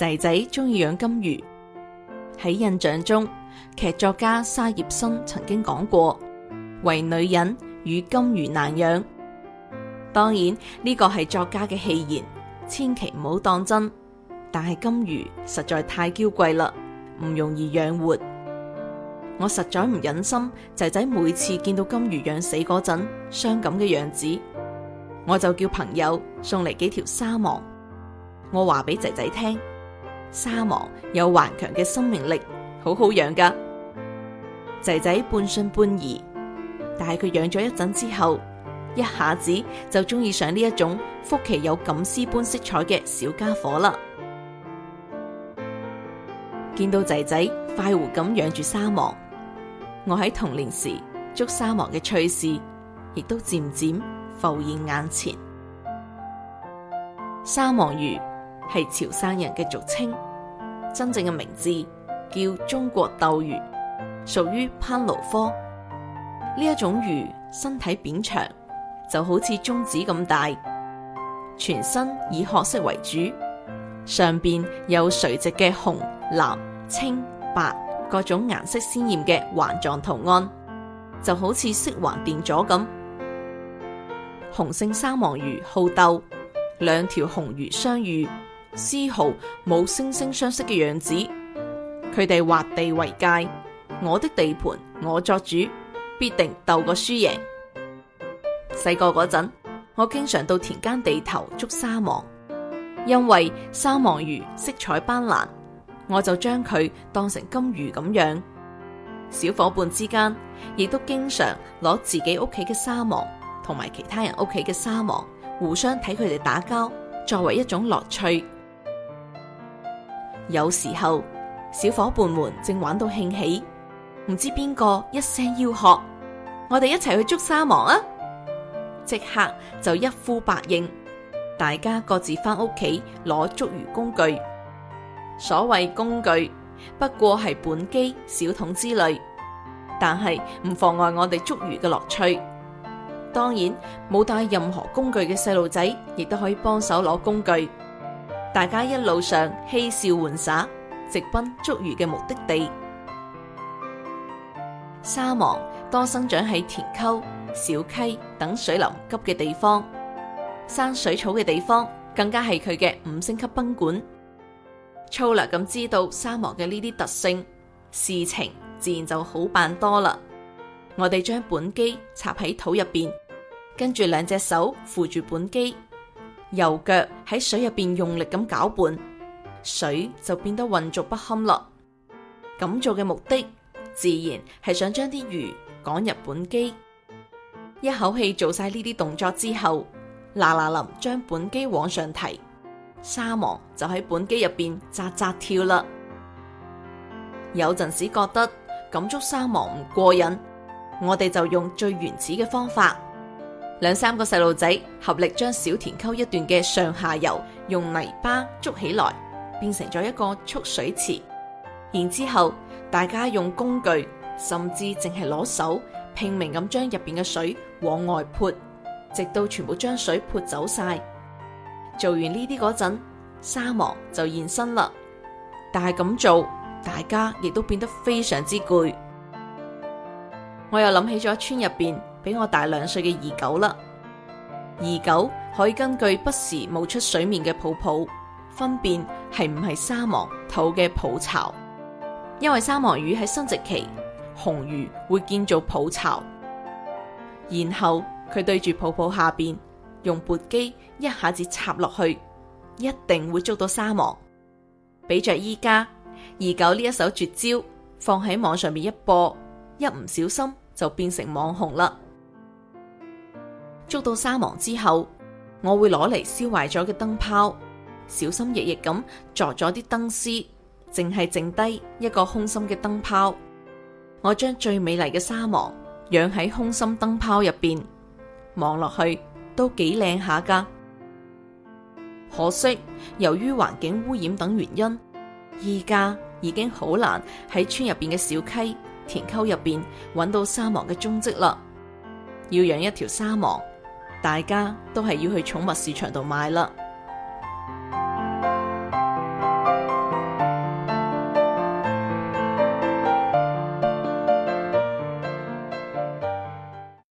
仔仔中意養金魚，喺印象中，劇作家沙葉新曾經講過：為女人與金魚難養。當然呢個係作家嘅戲言，千祈唔好當真。但係金魚實在太嬌貴啦，唔容易養活。我實在唔忍心，仔仔每次見到金魚養死嗰陣，傷感嘅樣子，我就叫朋友送嚟幾條沙芒。我話俾仔仔聽。沙芒有頑強嘅生命力，好好養㗎。仔仔半信半疑，但係佢養咗一陣之後，一下子就中意上呢一種腹鰭有錦絲般色彩嘅小家伙啦。見到仔仔快活咁養住沙芒，我喺童年時捉沙芒嘅趣事，亦都漸漸浮現眼前。沙芒魚。係潮汕人嘅俗稱，真正嘅名字叫中國鬥魚，屬於攀鱸科。呢一種魚，身體扁長，就好似中指咁大，全身以褐色為主，上邊有垂直嘅紅、藍、青、白各種顏色鮮艷嘅環狀圖案，就好似色環電阻咁。雄性沙芒魚好鬥，兩條紅魚相遇。絲毫冇惺惺相惜嘅樣子，佢哋劃地為界，我的地盤我作主，必定鬥個輸贏。細個嗰陣，我經常到田間地頭捉沙芒，因為沙芒魚色彩斑斕，我就將佢當成金魚咁樣。小夥伴之間亦都經常攞自己屋企嘅沙芒同埋其他人屋企嘅沙芒，互相睇佢哋打交，作為一種樂趣。有時候，小伙伴們正玩到興起，唔知邊個一聲吆喝，我哋一齊去捉沙芒啊！即刻就一呼百應，大家各自翻屋企攞捉魚工具。所謂工具，不過係本機、小桶之類，但係唔妨礙我哋捉魚嘅樂趣。當然，冇帶任何工具嘅細路仔，亦都可以幫手攞工具。大家一路上嬉笑玩耍，直奔捉魚嘅目的地。沙芒多生長喺田溝、小溪等水流急嘅地方，生水草嘅地方，更加係佢嘅五星級賓館。粗略咁知道沙芒嘅呢啲特性，事情自然就好辦多啦。我哋將本機插喺土入邊，跟住兩隻手扶住本機。右腳喺水入邊用力咁攪拌，水就變得渾濁不堪啦。咁做嘅目的，自然係想將啲魚趕入本機。一口氣做晒呢啲動作之後，嗱嗱臨將本機往上提，沙芒就喺本機入邊扎扎跳啦。有陣時覺得咁捉沙芒唔過癮，我哋就用最原始嘅方法。兩三個細路仔合力將小田溝一段嘅上下游用泥巴捉起來，變成咗一個蓄水池。然之後，大家用工具，甚至淨係攞手，拼命咁將入邊嘅水往外潑，直到全部將水潑走晒。做完呢啲嗰陣，沙芒就現身啦。但係咁做，大家亦都變得非常之攰。我又諗起咗村入邊。比我大兩歲嘅二狗啦，二狗可以根據不時冒出水面嘅泡泡，分辨係唔係沙芒土嘅泡巢，因為沙芒魚喺生殖期，紅魚會建造泡巢，然後佢對住泡泡下邊，用撥機一下子插落去，一定會捉到沙芒。比着依家二狗呢一手絕招放喺網上面一播，一唔小心就變成網紅啦。捉到沙芒之後，我會攞嚟燒壞咗嘅燈泡，小心翼翼咁鑿咗啲燈絲，淨係剩低一個空心嘅燈泡。我將最美麗嘅沙芒養喺空心燈泡入邊，望落去都幾靚下噶。可惜由於環境污染等原因，而家已經好難喺村入邊嘅小溪、田溝入邊搵到沙芒嘅蹤跡啦。要養一條沙芒。大家都係要去寵物市場度買啦。